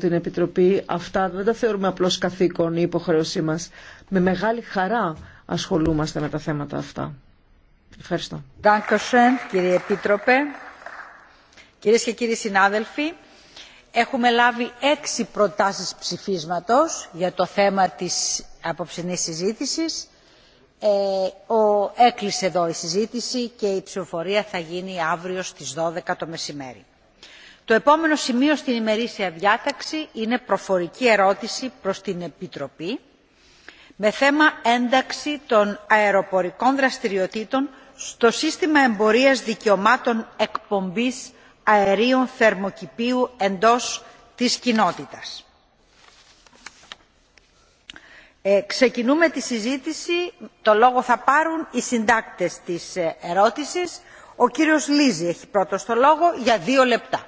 την Επιτροπή αυτά δεν τα θεωρούμε απλώς καθήκον ή υποχρέωσή μας. Με μεγάλη χαρά ασχολούμαστε με τα θέματα αυτά. Ευχαριστώ. κύριε Επίτροπε. Κυρίες και κύριοι συνάδελφοι, έχουμε λάβει έξι προτάσεις ψηφίσματος για το θέμα της απόψινής συζήτησης. Ε, ο, έκλεισε εδώ η συζήτηση και η ψηφοφορία θα γίνει αύριο στις 12 το μεσημέρι. Το επόμενο σημείο στην ημερήσια διάταξη είναι προφορική ερώτηση προς την Επιτροπή με θέμα ένταξη των αεροπορικών δραστηριοτήτων στο σύστημα εμπορίας δικαιωμάτων εκπομπής αερίων θερμοκηπίου εντός της κοινότητας. Ε, ξεκινούμε τη συζήτηση. Το λόγο θα πάρουν οι συντάκτες της ε, ερώτησης. Ο κύριος Λίζη έχει πρώτος το λόγο για δύο λεπτά.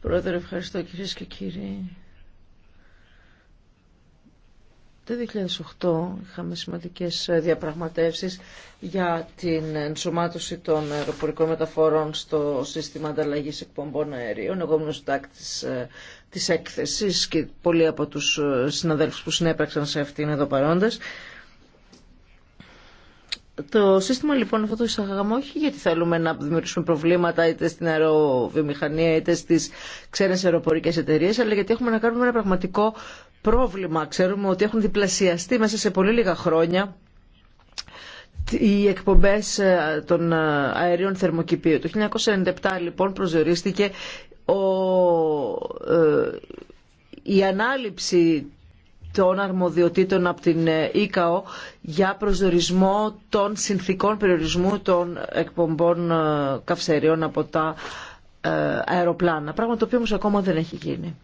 Πρόεδρε, ευχαριστώ κυρίες και κύριοι. Το 2008 είχαμε σημαντικές ε, διαπραγματεύσεις για την ενσωμάτωση των αεροπορικών μεταφορών στο σύστημα ανταλλαγής εκπομπών αερίων. Εγώ ήμουν συντάκτης ε, της έκθεσης και πολλοί από τους ε, συναδέλφους που συνέπραξαν σε αυτήν εδώ παρόντες. Το σύστημα λοιπόν αυτό το εισαγαγαμε όχι γιατί θέλουμε να δημιουργήσουμε προβλήματα είτε στην αεροβιομηχανία είτε στις ξένες αεροπορικές εταιρείες αλλά γιατί έχουμε να κάνουμε ένα πραγματικό πρόβλημα. Ξέρουμε ότι έχουν διπλασιαστεί μέσα σε πολύ λίγα χρόνια οι εκπομπές ε, των αερίων θερμοκηπίου. Το 1997 λοιπόν προσδιορίστηκε ο, ε, η ανάληψη των αρμοδιοτήτων από την ε, ΙΚΑΟ για προσδορισμό των συνθήκων περιορισμού των εκπομπών ε, καυσερίων από τα ε, αεροπλάνα, πράγμα το οποίο όμως ακόμα δεν έχει γίνει.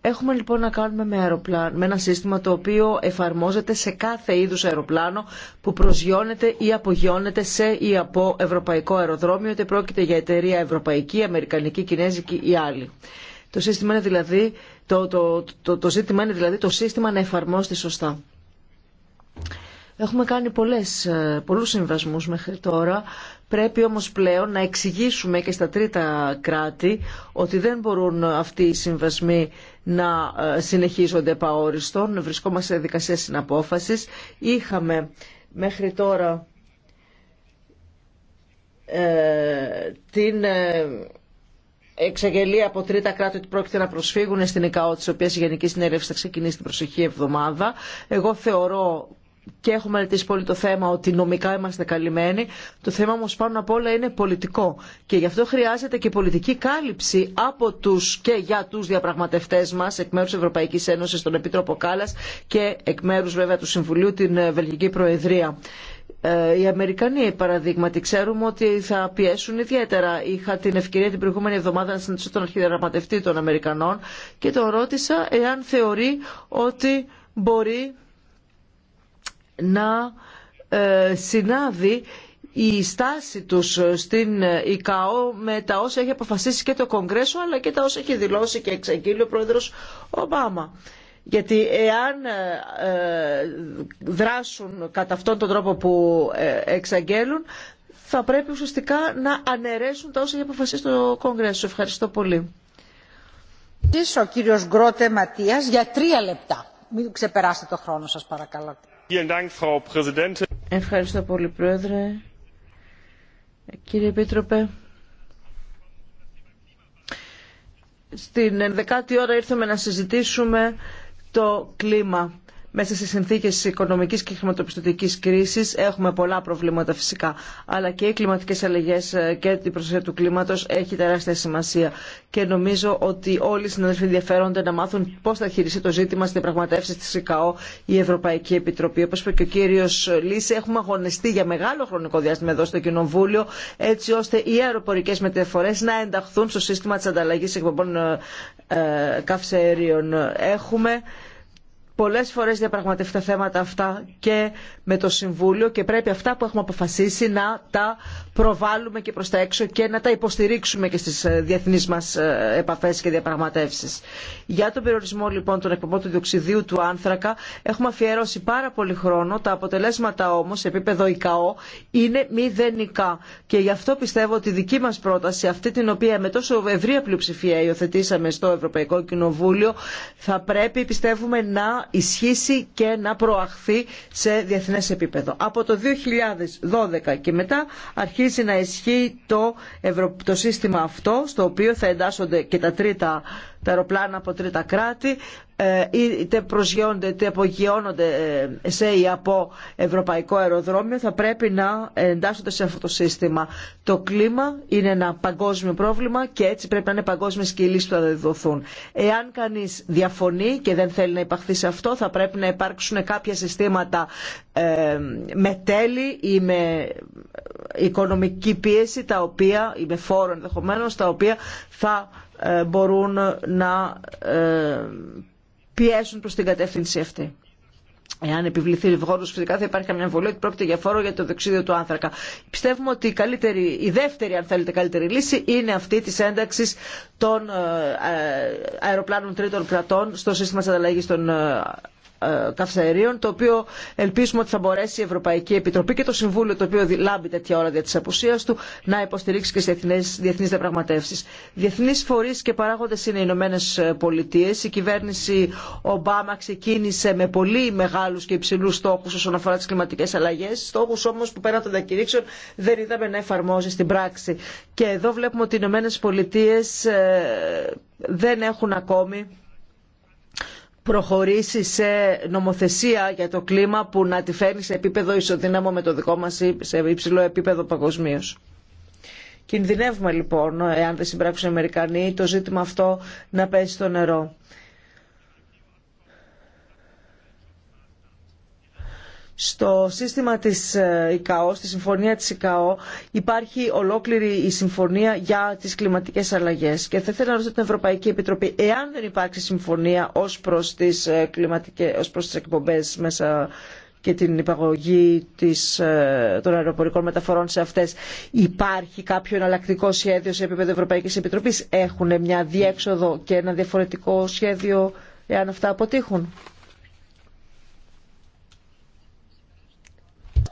Έχουμε λοιπόν να κάνουμε με, αεροπλάνο, με ένα σύστημα το οποίο εφαρμόζεται σε κάθε είδους αεροπλάνο που προσγειώνεται ή απογειώνεται σε ή από ευρωπαϊκό αεροδρόμιο, είτε πρόκειται για εταιρεία ευρωπαϊκή, αμερικανική, κινέζικη ή άλλη. Το, σύστημα δηλαδή, το, το, το, το ζήτημα είναι δηλαδή το σύστημα να εφαρμόσει σωστά. Έχουμε κάνει πολλές, ε, πολλούς συμβασμούς μέχρι τώρα. Πρέπει όμως πλέον να εξηγήσουμε και στα τρίτα κράτη ότι δεν μπορούν αυτοί οι συμβασμοί να ε, συνεχίζονται επαόριστον. Βρισκόμαστε σε δικασία συναπόφασης. Είχαμε μέχρι τώρα ε, την εξαγγελία από τρίτα κράτη ότι πρόκειται να προσφύγουν στην ΕΚΑΟ, τη οποία η Γενική Συνέλευση θα ξεκινήσει την προσεχή εβδομάδα. Εγώ θεωρώ και έχω μελετήσει πολύ το θέμα ότι νομικά είμαστε καλυμμένοι. Το θέμα όμω πάνω απ' όλα είναι πολιτικό. Και γι' αυτό χρειάζεται και πολιτική κάλυψη από του και για του διαπραγματευτέ μα, εκ μέρου Ευρωπαϊκή Ένωση, τον Επίτροπο Κάλλα και εκ μέρου βέβαια του Συμβουλίου, την ε, Βελγική Προεδρία. Ε, οι Αμερικανοί, παραδείγματι, ξέρουμε ότι θα πιέσουν ιδιαίτερα. Είχα την ευκαιρία την προηγούμενη εβδομάδα να συναντήσω τον αρχιδραματευτή των Αμερικανών και τον ρώτησα εάν θεωρεί ότι μπορεί να ε, συνάδει η στάση τους στην ΙΚΑΟ με τα όσα έχει αποφασίσει και το Κογκρέσο αλλά και τα όσα έχει δηλώσει και εξαγγείλει ο πρόεδρος Ομπάμα γιατί εάν ε, ε, δράσουν κατά αυτόν τον τρόπο που ε, εξαγγέλουν θα πρέπει ουσιαστικά να αναιρέσουν τα όσα έχει αποφασίσει το Κόγκρεσο. Ευχαριστώ πολύ. Ο κύριος Γκρότε Ματίας για τρία λεπτά. Μην ξεπεράσετε το χρόνο σας παρακαλώ. Ευχαριστώ πολύ Πρόεδρε. Κύριε Επίτροπε. Στην 11 ώρα ήρθαμε να συζητήσουμε το κλίμα μέσα σε συνθήκες οικονομικής και χρηματοπιστωτικής κρίσης έχουμε πολλά προβλήματα φυσικά αλλά και οι κλιματικές αλλαγές ε, και την προστασία του κλίματος έχει τεράστια σημασία και νομίζω ότι όλοι οι συναδελφοί ενδιαφέρονται να μάθουν πώς θα χειριστεί το ζήτημα στην πραγματεύση της ΕΚΑΟ η Ευρωπαϊκή Επιτροπή. Όπως είπε και ο κύριος Λύση έχουμε αγωνιστεί για μεγάλο χρονικό διάστημα εδώ στο Κοινοβούλιο έτσι ώστε οι αεροπορικές μεταφορές να ενταχθούν στο σύστημα της ανταλλαγής εκπομπών ε, ε, καυσαερίων. Έχουμε πολλές φορές διαπραγματεύεται τα θέματα αυτά και με το Συμβούλιο και πρέπει αυτά που έχουμε αποφασίσει να τα προβάλλουμε και προς τα έξω και να τα υποστηρίξουμε και στις ε, διεθνείς μας ε, επαφές και διαπραγματεύσεις. Για τον περιορισμό λοιπόν των εκπομπών του διοξιδίου του άνθρακα έχουμε αφιερώσει πάρα πολύ χρόνο, τα αποτελέσματα όμως σε επίπεδο ΙΚΑΟ είναι μηδενικά και γι' αυτό πιστεύω ότι η δική μας πρόταση, αυτή την οποία με τόσο ευρία πλειοψηφία υιοθετήσαμε στο Ευρωπαϊκό Κοινοβούλιο θα πρέπει πιστεύουμε να ισχύσει και να προαχθεί σε διεθνές επίπεδο. Από το 2012 και μετά αρχίζει να ισχύει το, το σύστημα αυτό στο οποίο θα εντάσσονται και τα τρίτα τα αεροπλάνα από τρίτα κράτη ε, είτε προσγειώνονται είτε απογειώνονται ε, σε ή από ευρωπαϊκό αεροδρόμιο θα πρέπει να εντάσσονται σε αυτό το σύστημα. Το κλίμα είναι ένα παγκόσμιο πρόβλημα και έτσι πρέπει να είναι παγκόσμιες και οι λύσεις που θα δοθούν. Εάν κανείς διαφωνεί και δεν θέλει να υπαχθεί σε αυτό θα πρέπει να υπάρξουν κάποια συστήματα ε, με τέλη ή με οικονομική πίεση τα οποία, ή με φόρο ενδεχομένω τα οποία θα ε, μπορούν να ε, πιέσουν προς την κατεύθυνση αυτή. Εάν επιβληθεί ρηβγόνος φυσικά θα υπάρχει καμιά εμβολία ότι πρόκειται για φόρο για το δεξίδιο του άνθρακα. Πιστεύουμε ότι η, καλύτερη, η δεύτερη, αν θέλετε, καλύτερη λύση είναι αυτή της ένταξη των ε, αεροπλάνων τρίτων κρατών στο σύστημα της ανταλλαγής των ε, καυσαερίων, το οποίο ελπίζουμε ότι θα μπορέσει η Ευρωπαϊκή Επιτροπή και το Συμβούλιο, το οποίο λάμπει τέτοια ώρα δια τη απουσία του, να υποστηρίξει και στι διεθνεί διαπραγματεύσει. Διεθνεί φορεί και παράγοντε είναι οι Ηνωμένε Πολιτείε. Η κυβέρνηση Ομπάμα ξεκίνησε με πολύ μεγάλου και υψηλού στόχου όσον αφορά τι κλιματικέ αλλαγέ. Στόχου όμω που πέραν των διακηρύξεων δεν είδαμε να εφαρμόζει στην πράξη. Και εδώ βλέπουμε ότι οι Ηνωμένε Πολιτείε ε, δεν έχουν ακόμη προχωρήσει σε νομοθεσία για το κλίμα που να τη φέρει σε επίπεδο ισοδύναμο με το δικό μας ή σε υψηλό επίπεδο παγκοσμίω. Κινδυνεύουμε λοιπόν, εάν δεν συμπράξουν οι Αμερικανοί, το ζήτημα αυτό να πέσει στο νερό. στο σύστημα της ε, ικαο στη συμφωνία της ικαο υπάρχει ολόκληρη η συμφωνία για τις κλιματικές αλλαγές και θα ήθελα να ρωτήσω την ευρωπαϊκή επιτροπή εάν δεν υπάρξει συμφωνία ως προς τις, ε, κλιματικές, εκπομπές μέσα και την υπαγωγή ε, των αεροπορικών μεταφορών σε αυτές. Υπάρχει κάποιο εναλλακτικό σχέδιο σε επίπεδο Ευρωπαϊκής Επιτροπής. Έχουν μια διέξοδο και ένα διαφορετικό σχέδιο εάν αυτά αποτύχουν.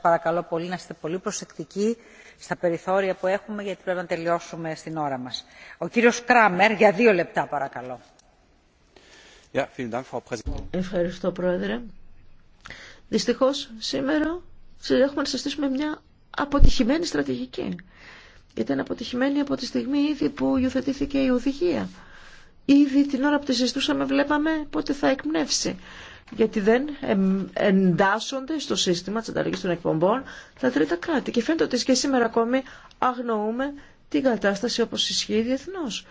παρακαλώ πολύ να είστε πολύ προσεκτικοί στα περιθώρια που έχουμε γιατί πρέπει να τελειώσουμε στην ώρα μας. Ο κύριος Κράμερ για δύο λεπτά παρακαλώ. Ευχαριστώ Πρόεδρε. Δυστυχώς σήμερα έχουμε να συστήσουμε μια αποτυχημένη στρατηγική. Ήταν αποτυχημένη από τη στιγμή ήδη που υιοθετήθηκε η οδηγία. Ήδη την ώρα που τη συζητούσαμε βλέπαμε πότε θα εκπνεύσει γιατί δεν εντάσσονται στο σύστημα της ανταλλαγής των εκπομπών τα τρίτα κράτη. Και φαίνεται ότι και σήμερα ακόμη αγνοούμε την κατάσταση όπως ισχύει διεθνώς.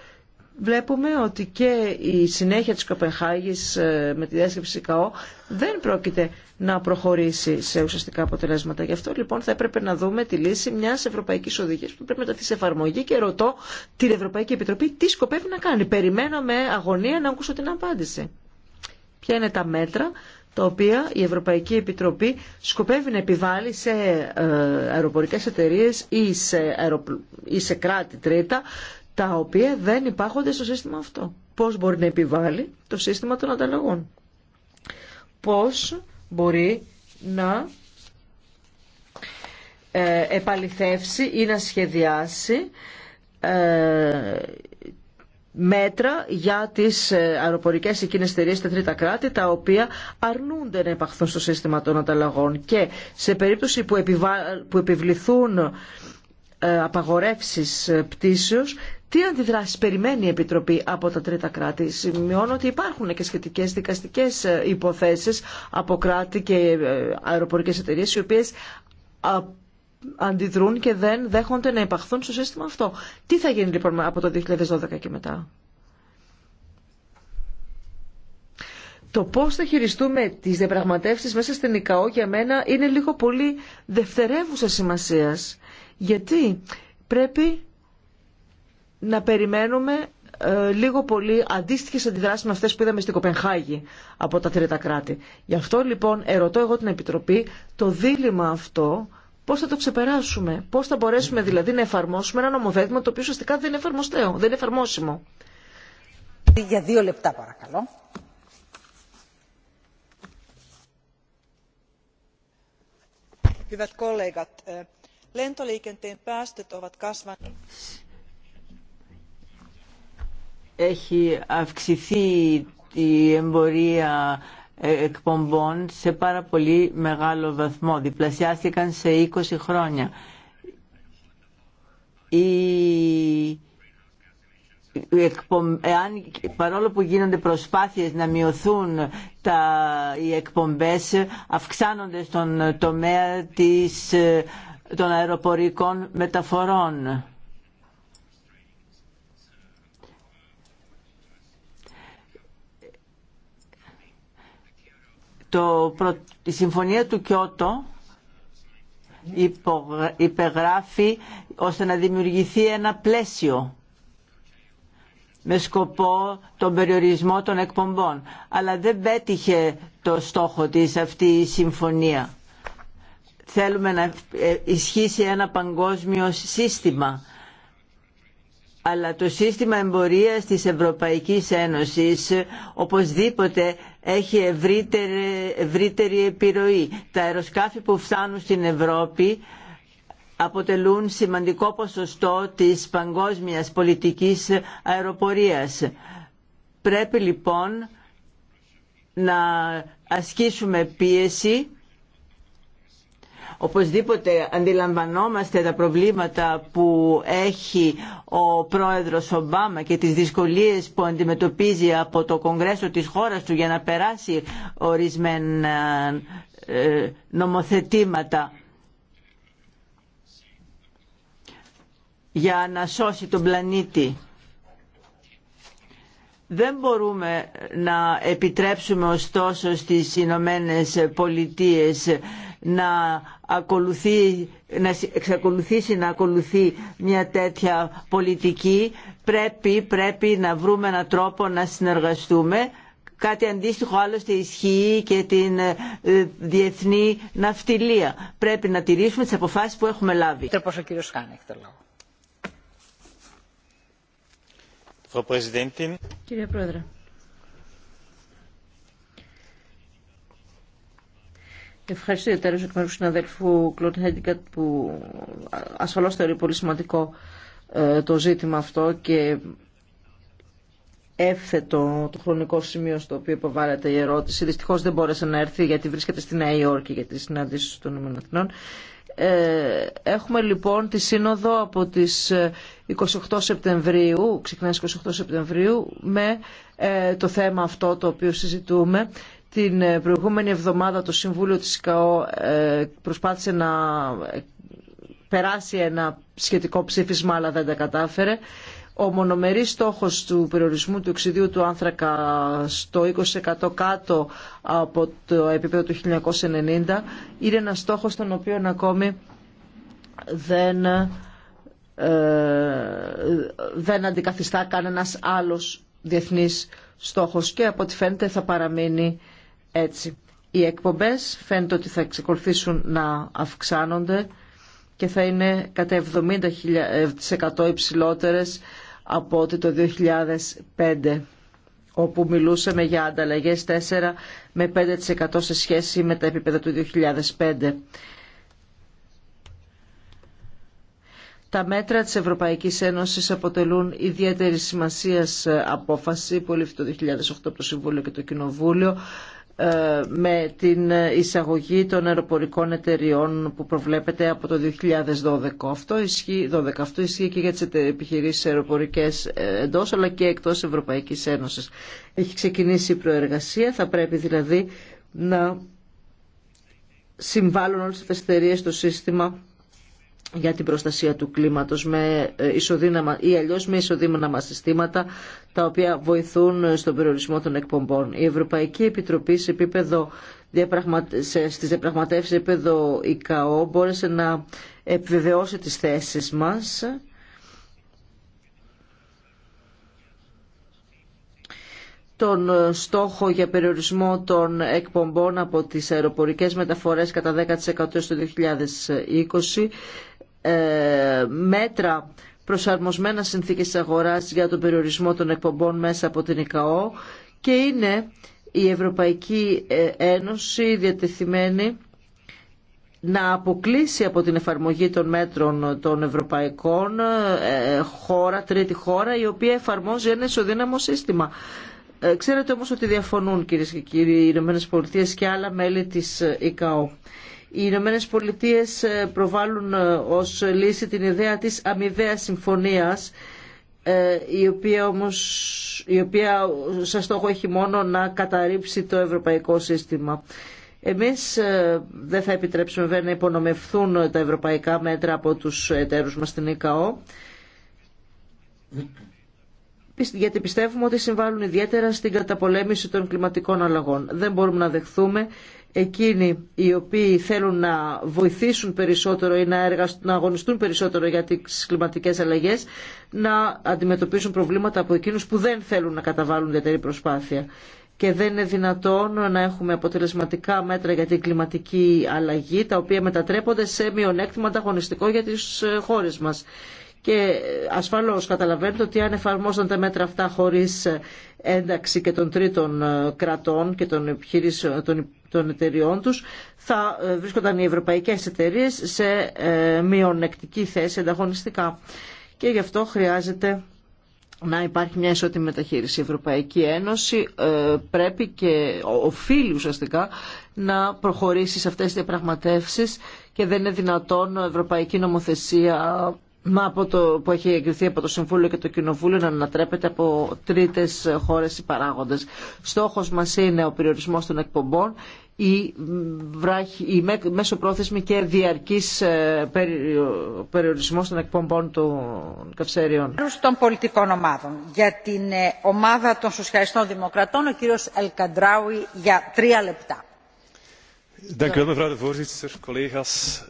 Βλέπουμε ότι και η συνέχεια της Κοπεχάγης ε, με τη διάσκεψη ΚΑΟ δεν πρόκειται να προχωρήσει σε ουσιαστικά αποτελέσματα. Γι' αυτό λοιπόν θα έπρεπε να δούμε τη λύση μιας ευρωπαϊκής οδηγίας που πρέπει να τεθεί σε εφαρμογή και ρωτώ την Ευρωπαϊκή Επιτροπή τι σκοπεύει να κάνει. Περιμένω με αγωνία να ακούσω την απάντηση ποια είναι τα μέτρα τα οποία η Ευρωπαϊκή Επιτροπή σκοπεύει να επιβάλλει σε ε, αεροπορικές εταιρείες ή σε, αεροπλ... κράτη τρίτα, τα οποία δεν υπάρχονται στο σύστημα αυτό. Πώς μπορεί να επιβάλλει το σύστημα των ανταλλαγών. Πώς μπορεί να ε, επαληθεύσει ή να σχεδιάσει ε, μέτρα για τις ε, αεροπορικές εκείνες εταιρείε στα τρίτα κράτη τα οποία αρνούνται να επαχθούν στο σύστημα των ανταλλαγών και σε περίπτωση που, επιβληθούν ε, απαγορεύσεις ε, πτήσεως τι αντιδράσει περιμένει η Επιτροπή από τα τρίτα κράτη. Σημειώνω ότι υπάρχουν και σχετικέ δικαστικέ υποθέσει από κράτη και αεροπορικέ εταιρείε, οι οποίε αντιδρούν και δεν δέχονται να υπαχθούν στο σύστημα αυτό. Τι θα γίνει λοιπόν από το 2012 και μετά. Το πώς θα χειριστούμε τις διαπραγματεύσεις μέσα στην ΙΚΑΟ για μένα είναι λίγο πολύ δευτερεύουσα σημασίας. Γιατί πρέπει να περιμένουμε ε, λίγο πολύ αντίστοιχε αντιδράσει με αυτέ που είδαμε στην Κοπενχάγη από τα τρίτα κράτη. Γι' αυτό λοιπόν ερωτώ εγώ την Επιτροπή το δίλημα αυτό Πώς θα το ξεπεράσουμε, πώς θα μπορέσουμε δηλαδή να εφαρμόσουμε ένα νομοθέτημα το οποίο ουσιαστικά δεν είναι εφαρμοστέο, δεν είναι εφαρμόσιμο. Για δύο λεπτά παρακαλώ. Hyvät kollegat, lentoliikenteen päästöt ovat kasvaneet έχει αυξηθεί η εμπορία ε, εκπομπών σε πάρα πολύ μεγάλο βαθμό. Διπλασιάστηκαν σε 20 χρόνια. Η... Εάν, παρόλο που γίνονται προσπάθειες να μειωθούν τα, οι εκπομπές αυξάνονται στον τομέα της, ε, των αεροπορικών μεταφορών το, η συμφωνία του Κιώτο υπεγράφει ώστε να δημιουργηθεί ένα πλαίσιο με σκοπό τον περιορισμό των εκπομπών. Αλλά δεν πέτυχε το στόχο της αυτή η συμφωνία. Θέλουμε να ε, ισχύσει ένα παγκόσμιο σύστημα. Αλλά το σύστημα εμπορίας της Ευρωπαϊκής Ένωσης οπωσδήποτε έχει ευρύτερη, ευρύτερη επιρροή. Τα αεροσκάφη που φτάνουν στην Ευρώπη αποτελούν σημαντικό ποσοστό της παγκόσμιας πολιτικής αεροπορίας. Πρέπει λοιπόν να ασκήσουμε πίεση Οπωσδήποτε αντιλαμβανόμαστε τα προβλήματα που έχει ο πρόεδρος Ομπάμα και τις δυσκολίες που αντιμετωπίζει από το Κογκρέσο της χώρας του για να περάσει ορισμένα ε, νομοθετήματα για να σώσει τον πλανήτη. Δεν μπορούμε να επιτρέψουμε ωστόσο στις Ηνωμένε Πολιτείες να, ακολουθεί, να εξακολουθήσει να ακολουθεί μια τέτοια πολιτική πρέπει, πρέπει να βρούμε έναν τρόπο να συνεργαστούμε Κάτι αντίστοιχο άλλωστε ισχύει και την ε, διεθνή ναυτιλία. Πρέπει να τηρήσουμε τις αποφάσεις που έχουμε λάβει. κύριος Κύριε Πρόεδρε. Ευχαριστώ ιδιαίτερα εκ μέρου του συναδέλφου Κλοντ Χέντικατ που ασφαλώς θεωρεί πολύ σημαντικό ε, το ζήτημα αυτό και έφθετο το χρονικό σημείο στο οποίο υποβάλλεται η ερώτηση. Δυστυχώ δεν μπόρεσε να έρθει γιατί βρίσκεται στη Νέα Υόρκη για τι συναντήσει των ΗΠΑ. Ε, έχουμε λοιπόν τη σύνοδο από τις 28 ε, Σεπτεμβρίου, ξεκινάει 28 Σεπτεμβρίου, με το θέμα αυτό το οποίο συζητούμε την ε, προηγούμενη εβδομάδα το Συμβούλιο της ΚΑΟ ε, προσπάθησε να ε, περάσει ένα σχετικό ψήφισμα αλλά δεν τα κατάφερε. Ο μονομερής στόχος του περιορισμού του οξυδίου του άνθρακα στο 20% κάτω από το επίπεδο του 1990 είναι ένα στόχος τον οποίο ακόμη δεν, δεν αντικαθιστά κανένας άλλος διεθνής στόχος και από ό,τι φαίνεται θα παραμείνει έτσι. Οι εκπομπές φαίνεται ότι θα εξακολουθήσουν να αυξάνονται και θα είναι κατά 70% ε, υψηλότερες από ότι το 2005 όπου μιλούσαμε για ανταλλαγές 4 με 5% σε σχέση με τα επίπεδα του 2005. Τα μέτρα της Ευρωπαϊκής Ένωσης αποτελούν ιδιαίτερη σημασίας απόφαση που το 2008 από το Συμβούλιο και το Κοινοβούλιο ε, με την εισαγωγή των αεροπορικών εταιριών που προβλέπεται από το 2012. Αυτό ισχύει, 12. Αυτό ισχύει και για τις επιχειρήσεις αεροπορικές ε, εντός αλλά και εκτός Ευρωπαϊκής Ένωσης. Έχει ξεκινήσει η προεργασία, θα πρέπει δηλαδή να συμβάλλουν όλες τις εταιρείες στο σύστημα για την προστασία του κλίματος με ε, ισοδύναμα, ή αλλιώς με ισοδύναμα συστήματα τα οποία βοηθούν στον περιορισμό των εκπομπών. Η Ευρωπαϊκή Επιτροπή σε επίπεδο στις διαπραγματεύσεις επίπεδο ΙΚΑΟ μπόρεσε να επιβεβαιώσει τις θέσεις μας τον ε, στόχο για περιορισμό των εκπομπών από τις αεροπορικές μεταφορές κατά 10% στο 2020 ε, μέτρα προσαρμοσμένα συνθήκες αγοράς για τον περιορισμό των εκπομπών μέσα από την ΕΚΑΟ και είναι η Ευρωπαϊκή ε, Ένωση διατεθειμένη να αποκλείσει από την εφαρμογή των μέτρων των ευρωπαϊκών ε, χώρα, τρίτη χώρα, η οποία εφαρμόζει ένα ισοδύναμο σύστημα. Ξέρετε όμως ότι διαφωνούν κυρίες και κύριοι οι ΗΠΑ και άλλα μέλη της ΕΚΑΟ. Οι Ηνωμένε Πολιτείε ε, προβάλλουν ε, ως λύση την ιδέα της αμοιβαίας συμφωνίας ε, η οποία όμως η οποία σε στόχο έχει μόνο να καταρρύψει το ευρωπαϊκό σύστημα. Εμείς δεν θα επιτρέψουμε βέβαια να υπονομευθούν τα ευρωπαϊκά μέτρα από τους εταίρους μας στην ΕΚΑΟ γιατί πιστεύουμε ότι συμβάλλουν ιδιαίτερα στην καταπολέμηση των κλιματικών αλλαγών. Δεν μπορούμε να δεχθούμε εκείνοι οι οποίοι θέλουν να βοηθήσουν περισσότερο ή να, αγωνιστούν περισσότερο για τις κλιματικές αλλαγές να αντιμετωπίσουν προβλήματα από εκείνους που δεν θέλουν να καταβάλουν ιδιαίτερη προσπάθεια. Και δεν είναι δυνατόν να έχουμε αποτελεσματικά μέτρα για την κλιματική αλλαγή τα οποία μετατρέπονται σε μειονέκτημα ανταγωνιστικό για τις ε, χώρες μας και ασφαλώς καταλαβαίνετε ότι αν εφαρμόζαν τα μέτρα αυτά χωρίς ένταξη και των τρίτων ε, κρατών και των, των, των εταιριών τους θα ε, βρίσκονταν οι ευρωπαϊκές εταιρείε σε ε, μειονεκτική θέση ανταγωνιστικά. Και γι' αυτό χρειάζεται να υπάρχει μια ισότιμη μεταχείριση. Η Ευρωπαϊκή Ένωση πρέπει και οφείλει ουσιαστικά να προχωρήσει σε αυτές τις διαπραγματεύσεις και δεν είναι δυνατόν ευρωπαϊκή νομοθεσία μα από το, που έχει εγκριθεί από το Συμβούλιο και το Κοινοβούλιο να ανατρέπεται από τρίτες χώρες ή παράγοντες. Στόχος μας είναι ο περιορισμός των εκπομπών, η, βράχη, η μέσοπρόθεσμη και διαρκής ε, περιορισμός των εκπομπων η η η μεσοπροθεσμη και διαρκης περιορισμος των καυσέριων. Των πολιτικών ομάδων. Για την ε, ομάδα των Σοσιαλιστών Δημοκρατών, ο κύριος Ελκαντράουι για τρία λεπτά.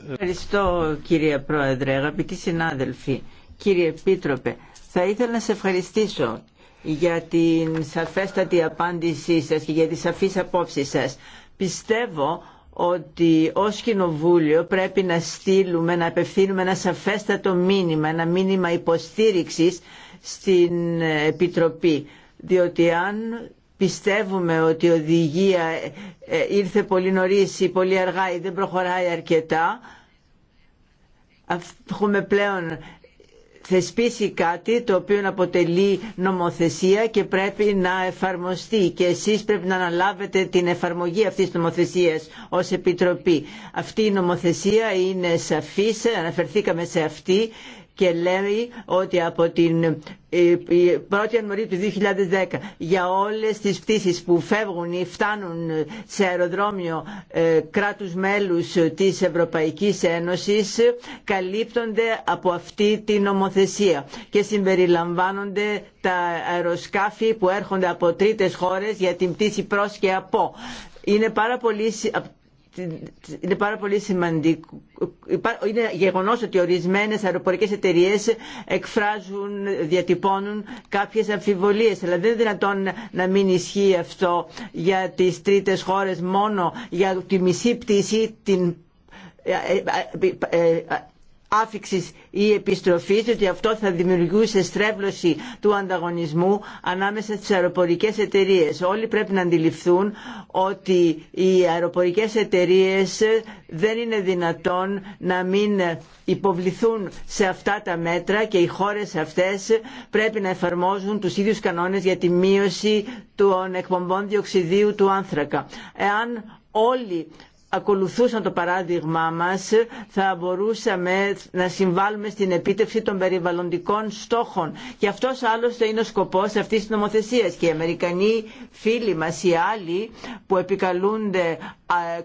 Ευχαριστώ κύριε Πρόεδρε, αγαπητοί συνάδελφοι, κύριε Επίτροπε. Θα ήθελα να σε ευχαριστήσω για την σαφέστατη απάντησή σας και για τις σαφείς απόψεις σας. Πιστεύω ότι ως Κοινοβούλιο πρέπει να στείλουμε, να απευθύνουμε ένα σαφέστατο μήνυμα, ένα μήνυμα υποστήριξης στην Επιτροπή. Διότι αν πιστεύουμε ότι η οδηγία ε, ε, ήρθε πολύ νωρίς ή πολύ αργά ή δεν προχωράει αρκετά, έχουμε πλέον θεσπίσει κάτι το οποίο αποτελεί νομοθεσία και πρέπει να εφαρμοστεί και εσείς πρέπει να αναλάβετε την εφαρμογή αυτής της νομοθεσίας ως Επιτροπή. Αυτή η νομοθεσία είναι σαφής, αναφερθήκαμε σε αυτή και λέει ότι από την 1η ε, Ιανουαρίου του 2010 για όλες τις πτήσεις που φεύγουν ή φτάνουν σε αεροδρόμιο ε, κράτους μέλους της Ευρωπαϊκής Ένωσης καλύπτονται από αυτή την νομοθεσία και συμπεριλαμβάνονται τα αεροσκάφη που έρχονται από τρίτες χώρες για την πτήση προς και από. Είναι πάρα πολύ είναι πάρα πολύ σημαντικό. Είναι γεγονός ότι ορισμένες αεροπορικές εταιρείες εκφράζουν, διατυπώνουν κάποιες αμφιβολίες. Αλλά δεν είναι δυνατόν να μην ισχύει αυτό για τις τρίτες χώρες μόνο για τη μισή πτήση την ε, ε, ε, άφηξη ή επιστροφής ότι αυτό θα δημιουργούσε στρέβλωση του ανταγωνισμού ανάμεσα στι αεροπορικές εταιρείε. Όλοι πρέπει να αντιληφθούν ότι οι αεροπορικές εταιρείε δεν είναι δυνατόν να μην υποβληθούν σε αυτά τα μέτρα και οι χώρες αυτές πρέπει να εφαρμόζουν τους ίδιους κανόνες για τη μείωση των εκπομπών διοξιδίου του άνθρακα. Εάν όλοι ακολουθούσαν το παράδειγμά μας θα μπορούσαμε να συμβάλλουμε στην επίτευξη των περιβαλλοντικών στόχων. Και αυτός άλλωστε είναι ο σκοπός αυτής της νομοθεσίας και οι Αμερικανοί φίλοι μας, ή άλλοι που επικαλούνται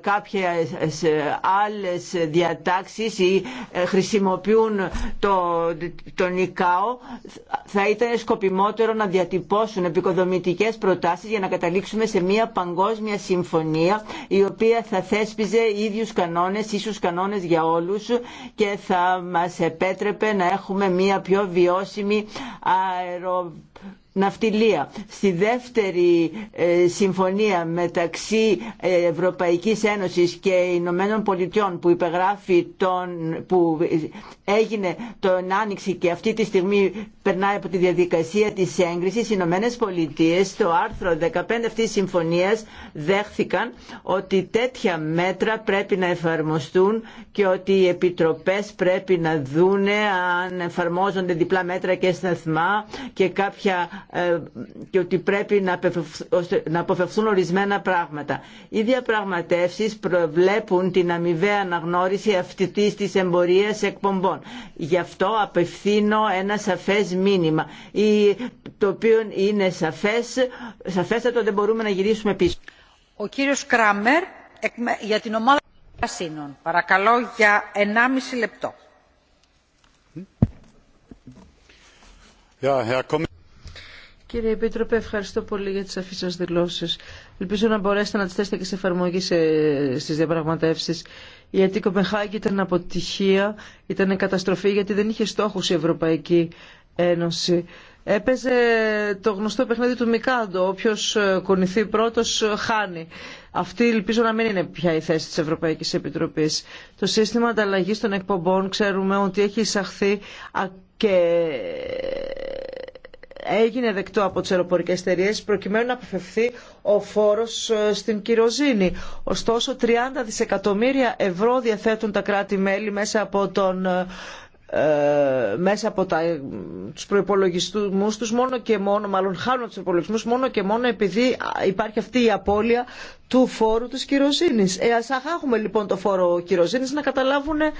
κάποιες ε, άλλες διατάξεις ή ε, χρησιμοποιούν το, τον ΙΚΑΟ θα ήταν σκοπιμότερο να διατυπώσουν επικοδομητικές προτάσεις για να καταλήξουμε σε μια παγκόσμια συμφωνία η οποία θα θέσει θέσπιζε ίδιους κανόνες, ίσους κανόνες για όλους και θα μας επέτρεπε να έχουμε μια πιο βιώσιμη αερο ναυτιλία. Στη δεύτερη ε, συμφωνία μεταξύ ε, Ευρωπαϊκής Ένωσης και Ηνωμένων Πολιτειών που υπεγράφει τον, που ε, έγινε τον Άνοιξη και αυτή τη στιγμή περνάει από τη διαδικασία της έγκρισης οι Ηνωμένες Πολιτείες στο άρθρο 15 αυτής της συμφωνίας δέχθηκαν ότι τέτοια μέτρα πρέπει να εφαρμοστούν και ότι οι επιτροπές πρέπει να δούνε αν εφαρμόζονται διπλά μέτρα και σταθμά και κάποια ε, και ότι πρέπει να αποφευθούν ορισμένα πράγματα. Οι διαπραγματεύσεις προβλέπουν την αμοιβαία αναγνώριση αυτής της εμπορίας εκπομπών. Γι' αυτό απευθύνω ένα σαφές μήνυμα, το οποίο είναι σαφές, σαφέστατο δεν μπορούμε να γυρίσουμε πίσω. Ο κύριος Κράμερ για την ομάδα Παρακαλώ για 1,5 λεπτό. Herr Κύριε Επίτροπε, ευχαριστώ πολύ για τις αφήσεις σας δηλώσεις. Ελπίζω να μπορέσετε να τις θέσετε και σε εφαρμογή σε, στις διαπραγματεύσεις. Γιατί η Κοπεχάγη ήταν αποτυχία, ήταν καταστροφή γιατί δεν είχε στόχους η Ευρωπαϊκή Ένωση. Έπαιζε το γνωστό παιχνίδι του Μικάντο, όποιος ε, κονηθεί πρώτος ε, χάνει. Αυτή ελπίζω να μην είναι πια η θέση της Ευρωπαϊκής Επιτροπής. Το σύστημα ανταλλαγής των εκπομπών ξέρουμε ότι έχει εισαχθεί και έγινε δεκτό από τις αεροπορικέ εταιρείε προκειμένου να αποφευθεί ο φόρος ε, στην κυροζήνη. Ωστόσο 30 δισεκατομμύρια ευρώ διαθέτουν τα κράτη-μέλη μέσα από τον ε, ε, μέσα από τα, τους προϋπολογισμούς τους μόνο και μόνο, μάλλον χάνουν τους προϋπολογισμούς μόνο και μόνο επειδή υπάρχει αυτή η απώλεια του φόρου της κυροζήνης. Ε, ας αγάγουμε λοιπόν το φόρο κυροζήνης να καταλάβουν ε,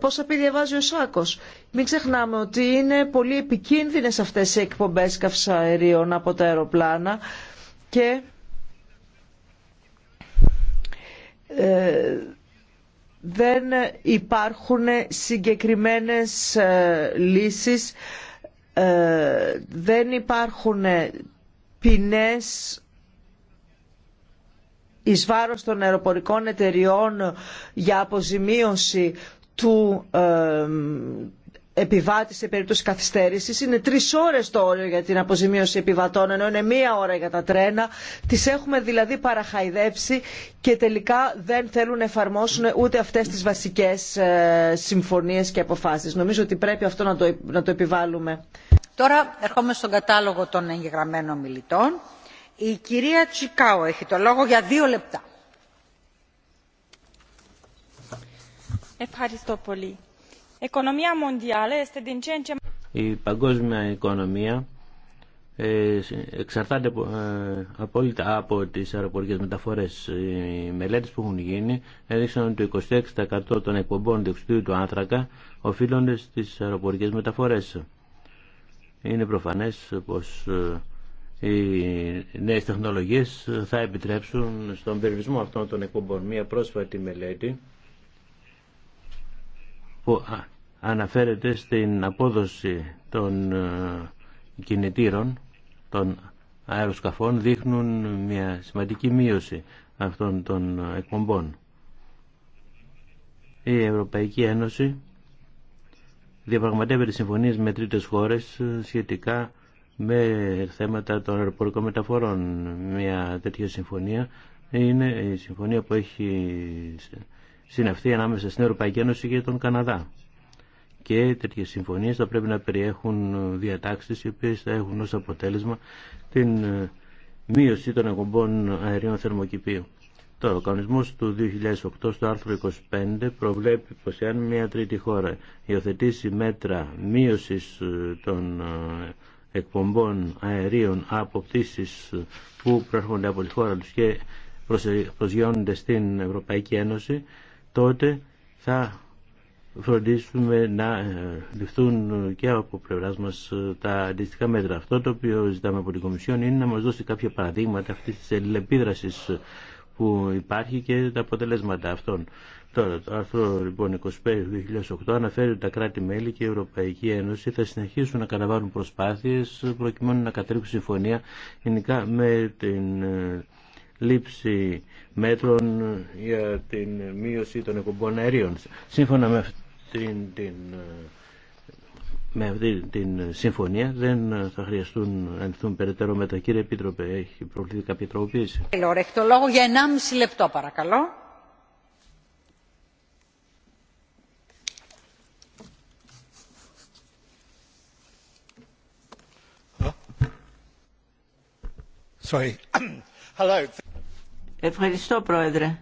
πόσα πει διαβάζει ο Σάκος. Μην ξεχνάμε ότι είναι πολύ επικίνδυνες αυτές οι εκπομπές καυσαερίων από τα αεροπλάνα και... Ε, δεν υπάρχουν συγκεκριμένες ε, λύσεις, ε, δεν υπάρχουν ποινές εις βάρος των αεροπορικών εταιριών για αποζημίωση του, ε, επιβάτη σε περίπτωση καθυστέρηση. Είναι τρει ώρε το όριο για την αποζημίωση επιβατών, ενώ είναι μία ώρα για τα τρένα. Τι έχουμε δηλαδή παραχαϊδέψει και τελικά δεν θέλουν να εφαρμόσουν ούτε αυτέ τι βασικέ ε, συμφωνίε και αποφάσει. Νομίζω ότι πρέπει αυτό να το, επιβάλλουμε. Τώρα ερχόμαστε στον κατάλογο των εγγεγραμμένων μιλητών. Η κυρία Τσικάο έχει το λόγο για δύο λεπτά. Ευχαριστώ πολύ. Η παγκόσμια οικονομία ε, εξαρτάται ε, απόλυτα από τις αεροπορικές μεταφορές. Οι μελέτες που έχουν γίνει έδειξαν ότι το 26% των εκπομπών διοξιδίου του άνθρακα οφείλονται στις αεροπορικές μεταφορές. Είναι προφανές πως ε, οι νέες τεχνολογίες θα επιτρέψουν στον περιορισμό αυτών των εκπομπών. Μία πρόσφατη μελέτη που αναφέρεται στην απόδοση των ε, κινητήρων, των αεροσκαφών, δείχνουν μια σημαντική μείωση αυτών των εκπομπών. Η Ευρωπαϊκή Ένωση διαπραγματεύεται συμφωνίες με τρίτες χώρες ε, σχετικά με θέματα των αεροπορικών μεταφορών. Μια τέτοια συμφωνία είναι η συμφωνία που έχει συναυθεί ανάμεσα στην Ευρωπαϊκή Ένωση και τον Καναδά και τέτοιες συμφωνίες θα πρέπει να περιέχουν διατάξεις οι οποίες θα έχουν ως αποτέλεσμα την ε, μείωση των εκπομπών αερίων θερμοκηπίου. Τώρα, ο κανονισμό του 2008 στο άρθρο 25 προβλέπει πως εάν μια τρίτη χώρα υιοθετήσει μέτρα μείωσης ε, των ε, εκπομπών αερίων από πτήσεις που προέρχονται από τη χώρα τους και προσγειώνονται στην Ευρωπαϊκή Ένωση, τότε θα φροντίσουμε να ε, ληφθούν και από πλευρά μα ε, τα αντίστοιχα μέτρα. Αυτό το οποίο ζητάμε από την Κομισιόν είναι να μα δώσει κάποια παραδείγματα αυτή τη ελληνεπίδραση ε, που υπάρχει και τα αποτελέσματα αυτών. Τώρα, το άρθρο λοιπόν 25 του 2008 αναφέρει ότι τα κράτη-μέλη και η Ευρωπαϊκή Ένωση θα συνεχίσουν να καταβάλουν προσπάθειες προκειμένου να κατρύψουν συμφωνία γενικά με την λήψη μέτρων για την μείωση των εκπομπών αερίων. Σύμφωνα με την την ε, με αυτή την συμφωνία δεν ε, θα χρειαστούν να ληφθούν περαιτέρω μετά. Κύριε Επίτροπε, έχει προκληθεί κάποια τροποποίηση. Έχει το λόγο για 1,5 λεπτό παρακαλώ. Sorry. Hello. Ευχαριστώ, Πρόεδρε.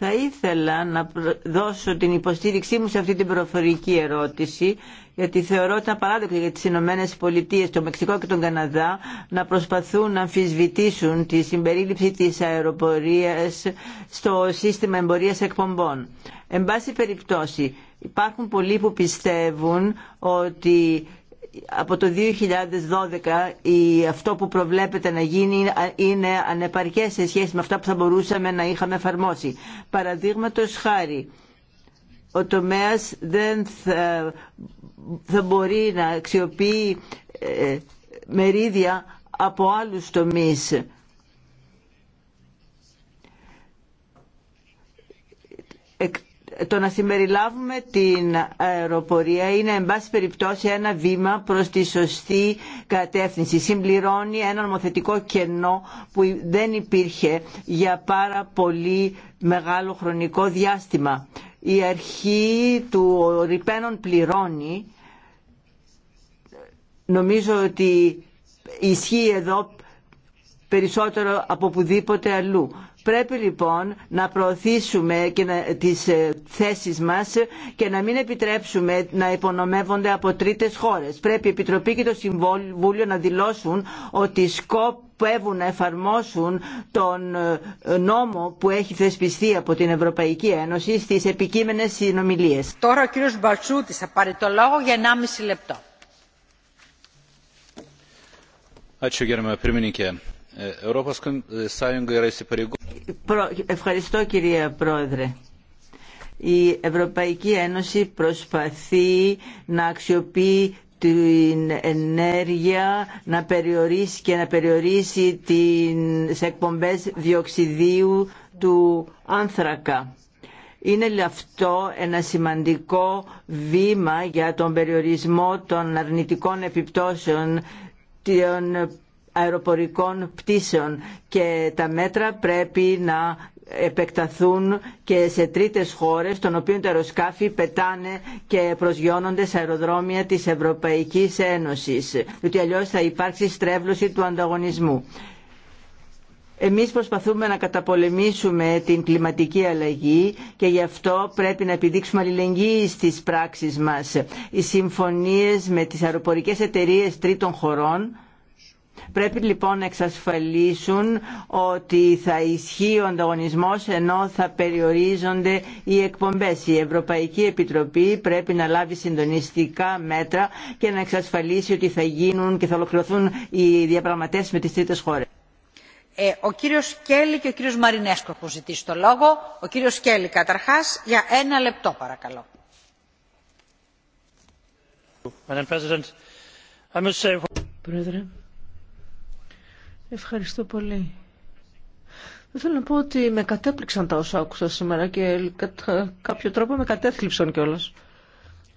Θα ήθελα να δώσω την υποστήριξή μου σε αυτή την προφορική ερώτηση, γιατί θεωρώ ότι είναι απαράδεκτο για τις Ηνωμένε Πολιτείε, το Μεξικό και τον Καναδά να προσπαθούν να αμφισβητήσουν τη συμπερίληψη της αεροπορίας στο σύστημα εμπορίας εκπομπών. Εν πάση περιπτώσει, υπάρχουν πολλοί που πιστεύουν ότι από το 2012 αυτό που προβλέπεται να γίνει είναι ανεπαρκές σε σχέση με αυτά που θα μπορούσαμε να είχαμε εφαρμόσει. Παραδείγματος χάρη, ο τομέας δεν θα, μπορεί να αξιοποιεί ε, μερίδια από άλλους τομείς. Εκ το να συμπεριλάβουμε την αεροπορία είναι εν πάση περιπτώσει ένα βήμα προς τη σωστή κατεύθυνση. Συμπληρώνει ένα νομοθετικό κενό που δεν υπήρχε για πάρα πολύ μεγάλο χρονικό διάστημα. Η αρχή του ρηπαίνων πληρώνει νομίζω ότι ισχύει εδώ περισσότερο από οπουδήποτε αλλού. Πρέπει λοιπόν να προωθήσουμε και να, τις ε, θέσεις μας και να μην επιτρέψουμε να υπονομεύονται από τρίτες χώρες. Πρέπει η Επιτροπή και το Συμβούλιο να δηλώσουν ότι σκοπεύουν να εφαρμόσουν τον ε, νόμο που έχει θεσπιστεί από την Ευρωπαϊκή Ένωση στις επικείμενες συνομιλίες. Τώρα ο κύριος θα πάρει το λόγο για 1,5 λεπτό. Ευχαριστώ κυρία Πρόεδρε. Η Ευρωπαϊκή Ένωση προσπαθεί να αξιοποιεί την ενέργεια να περιορίσει και να περιορίσει την, σε εκπομπές διοξιδίου του άνθρακα. Είναι αυτό ένα σημαντικό βήμα για τον περιορισμό των αρνητικών επιπτώσεων των αεροπορικών πτήσεων και τα μέτρα πρέπει να επεκταθούν και σε τρίτες χώρες των οποίων τα αεροσκάφη πετάνε και προσγειώνονται σε αεροδρόμια της Ευρωπαϊκής Ένωσης διότι αλλιώς θα υπάρξει στρέβλωση του ανταγωνισμού. Εμείς προσπαθούμε να καταπολεμήσουμε την κλιματική αλλαγή και γι' αυτό πρέπει να επιδείξουμε αλληλεγγύη στις πράξεις μας. Οι συμφωνίες με τις αεροπορικές εταιρείες τρίτων χωρών Πρέπει λοιπόν να εξασφαλίσουν ότι θα ισχύει ο ανταγωνισμό ενώ θα περιορίζονται οι εκπομπέ. Η Ευρωπαϊκή Επιτροπή πρέπει να λάβει συντονιστικά μέτρα και να εξασφαλίσει ότι θα γίνουν και θα ολοκληρωθούν οι διαπραγματεύσεις με τις τρίτες χώρες. Ε, ο κύριος Κέλλη και ο κύριος Μαρινέσκο έχουν ζητήσει το λόγο. Ο κύριος Κέλλη καταρχάς για ένα λεπτό παρακαλώ. Ευχαριστώ πολύ. Δεν θέλω να πω ότι με κατέπληξαν τα όσα άκουσα σήμερα και κατά κάποιο τρόπο με κατέθλιψαν κιόλας.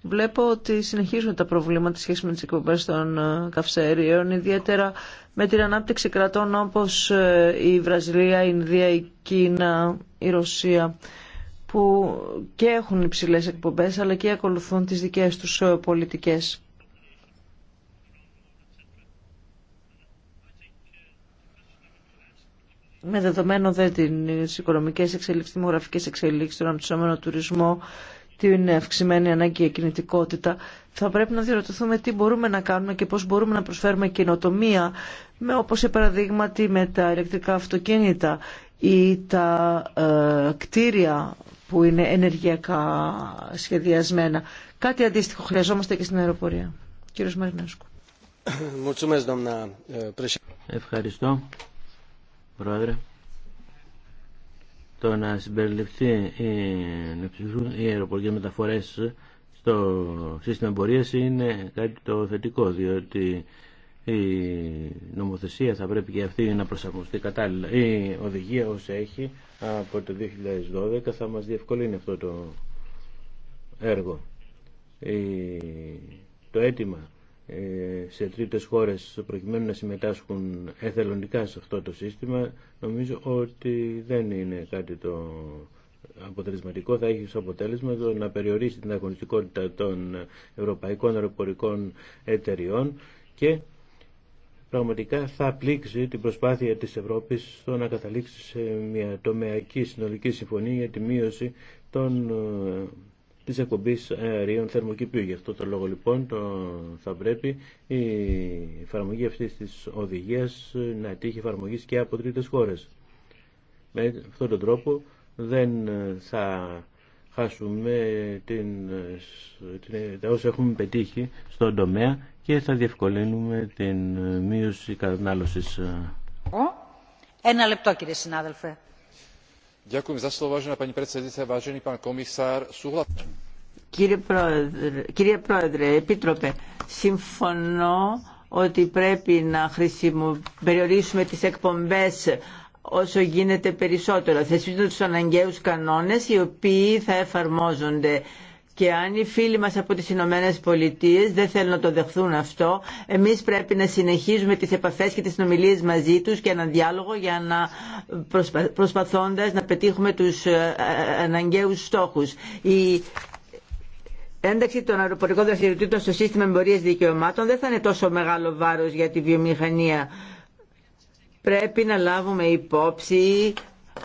Βλέπω ότι συνεχίζουν τα προβλήματα σχέση με τις εκπομπές των ε, καυσαερίων, ιδιαίτερα με την ανάπτυξη κρατών όπως ε, η Βραζιλία, η Ινδία, η Κίνα, η Ρωσία, που και έχουν υψηλέ εκπομπές αλλά και ακολουθούν τις δικές τους ε, πολιτικέ. με δεδομένο δε τις οικονομικές εξελίξεις, δημογραφικές εξελίξεις, τον αναπτυσσόμενο τουρισμό, την αυξημένη ανάγκη για κινητικότητα, θα πρέπει να διερωτηθούμε τι μπορούμε να κάνουμε και πώς μπορούμε να προσφέρουμε καινοτομία, με, όπως σε παραδείγμα με τα ηλεκτρικά αυτοκίνητα ή τα ε, κτίρια που είναι ενεργειακά σχεδιασμένα. Κάτι αντίστοιχο χρειαζόμαστε και στην αεροπορία. Κύριος Μαρινέσκου. Ε, Ευχαριστώ. Πρόεδρε. Το να συμπεριληφθεί οι αεροπορικέ μεταφορέ στο σύστημα εμπορία είναι κάτι το θετικό, διότι η νομοθεσία θα πρέπει και αυτή να προσαρμοστεί κατάλληλα. Η οδηγία όσο έχει από το 2012 θα μας διευκολύνει αυτό το έργο. Το αίτημα ε, σε τρίτες χώρες προκειμένου να συμμετάσχουν εθελοντικά σε αυτό το σύστημα νομίζω ότι δεν είναι κάτι το αποτελεσματικό θα έχει ως αποτέλεσμα να περιορίσει την αγωνιστικότητα των ευρωπαϊκών αεροπορικών εταιριών και πραγματικά θα πλήξει την προσπάθεια της Ευρώπης στο να καταλήξει σε μια τομεακή συνολική συμφωνία για τη μείωση των ε, της εκπομπής αερίων θερμοκηπίου. Γι' αυτό το λόγο λοιπόν το, θα πρέπει η εφαρμογή αυτής της οδηγίας να τύχει εφαρμογή και από τρίτες χώρες. Με αυτόν τον τρόπο δεν θα χάσουμε την, την, τα όσα έχουμε πετύχει στον τομέα και θα διευκολύνουμε την μείωση κατανάλωσης. Ένα λεπτό κύριε συνάδελφε. Κύριε Πρόεδρε, Επίτροπε, συμφωνώ ότι πρέπει να χρησιμοποιήσουμε περιορίσουμε τις εκπομπές όσο γίνεται περισσότερο. Θεσπίζονται τους αναγκαίους κανόνες οι οποίοι θα εφαρμόζονται και αν οι φίλοι μας από τις Ηνωμένε Πολιτείες δεν θέλουν να το δεχθούν αυτό, εμείς πρέπει να συνεχίζουμε τις επαφές και τις συνομιλίες μαζί τους και έναν διάλογο για να προσπαθώντας να πετύχουμε τους ε, ε, αναγκαίους στόχους. Η ένταξη των αεροπορικών δραστηριοτήτων στο σύστημα εμπορία δικαιωμάτων δεν θα είναι τόσο μεγάλο βάρο για τη βιομηχανία πρέπει να λάβουμε υπόψη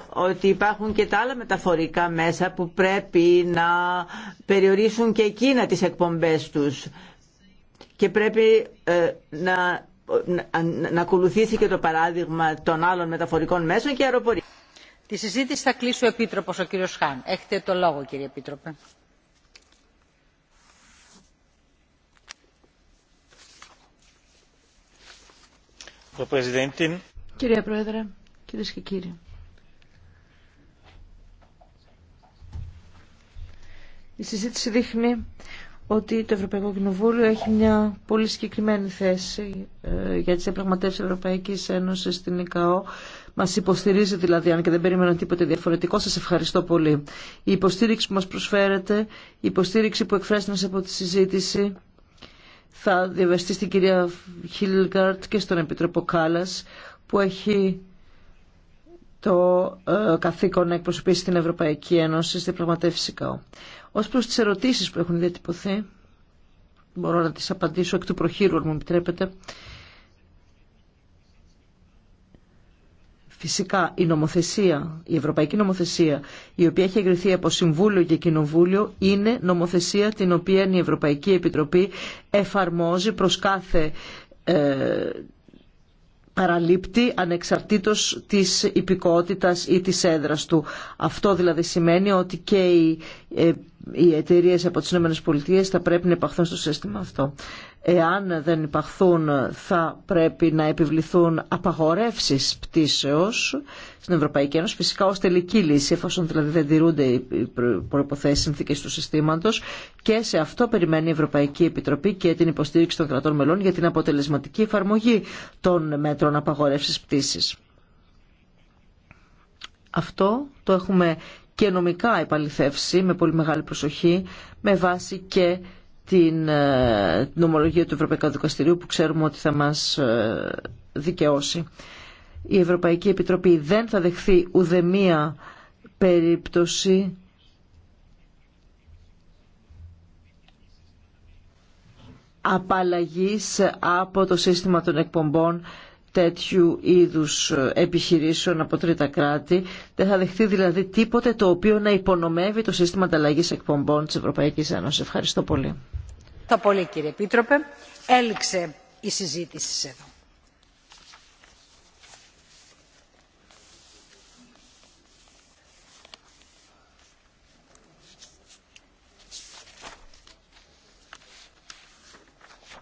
ότι υπάρχουν και τα άλλα μεταφορικά μέσα που πρέπει να περιορίσουν και εκείνα τις εκπομπές τους και πρέπει ε, να, να, να ακολουθήσει και το παράδειγμα των άλλων μεταφορικών μέσων και αεροπορία. Τη συζήτηση θα κλείσει ο Επίτροπος, ο κύριος Χάν. Έχετε το λόγο, κύριε Επίτροπε. Κύριε Πρόεδρε, κυρίες και κύριοι. Η συζήτηση δείχνει ότι το Ευρωπαϊκό Κοινοβούλιο έχει μια πολύ συγκεκριμένη θέση ε, για τι διαπραγματεύσει Ευρωπαϊκή Ένωση στην ΕΚΑΟ. μα υποστηρίζει δηλαδή, αν και δεν περιμένω τίποτε διαφορετικό. Σα ευχαριστώ πολύ. Η υποστήριξη που μα προσφέρετε, η υποστήριξη που εκφράστηκε από τη συζήτηση, θα διαβεστεί στην κυρία Χίλγκαρτ και στον Επιτροπό Κάλλα, που έχει το ε, καθήκον να εκπροσωπήσει την Ευρωπαϊκή Ένωση στη ως προς τις ερωτήσεις που έχουν διατυπωθεί, μπορώ να τις απαντήσω εκ του προχείρου, αν μου επιτρέπετε. Φυσικά η νομοθεσία, η ευρωπαϊκή νομοθεσία, η οποία έχει εγκριθεί από Συμβούλιο και Κοινοβούλιο, είναι νομοθεσία την οποία η Ευρωπαϊκή Επιτροπή εφαρμόζει προς κάθε ε, παραλείπτη ανεξαρτήτως της υπηκότητας ή της έδρας του. Αυτό δηλαδή σημαίνει ότι και οι, ε, οι εταιρείε από τις ΗΠΑ θα πρέπει να επαχθούν στο σύστημα αυτό. Εάν δεν υπαχθούν θα πρέπει να επιβληθούν απαγορεύσεις πτήσεως στην Ευρωπαϊκή Ένωση, φυσικά ως τελική λύση, εφόσον δηλαδή δεν τηρούνται οι προϋποθέσεις συνθήκες του συστήματος και σε αυτό περιμένει η Ευρωπαϊκή Επιτροπή και την υποστήριξη των κρατών μελών για την αποτελεσματική εφαρμογή των μέτρων απαγορεύσεις πτήσης. Αυτό το έχουμε και νομικά επαληθεύσει με πολύ μεγάλη προσοχή με βάση και την ε, νομολογία του Ευρωπαϊκού Δικαστηρίου που ξέρουμε ότι θα μας ε, δικαιώσει. Η Ευρωπαϊκή Επιτροπή δεν θα δεχθεί μία περίπτωση απαλλαγής από το σύστημα των εκπομπών τέτοιου είδους ε, επιχειρήσεων από τρίτα κράτη. Δεν θα δεχθεί δηλαδή τίποτε το οποίο να υπονομεύει το σύστημα ανταλλαγής εκπομπών της Ευρωπαϊκής Ένωσης. Ευχαριστώ πολύ το πολύ κύριε επίτροπε. έληξε η συζήτηση εδώ.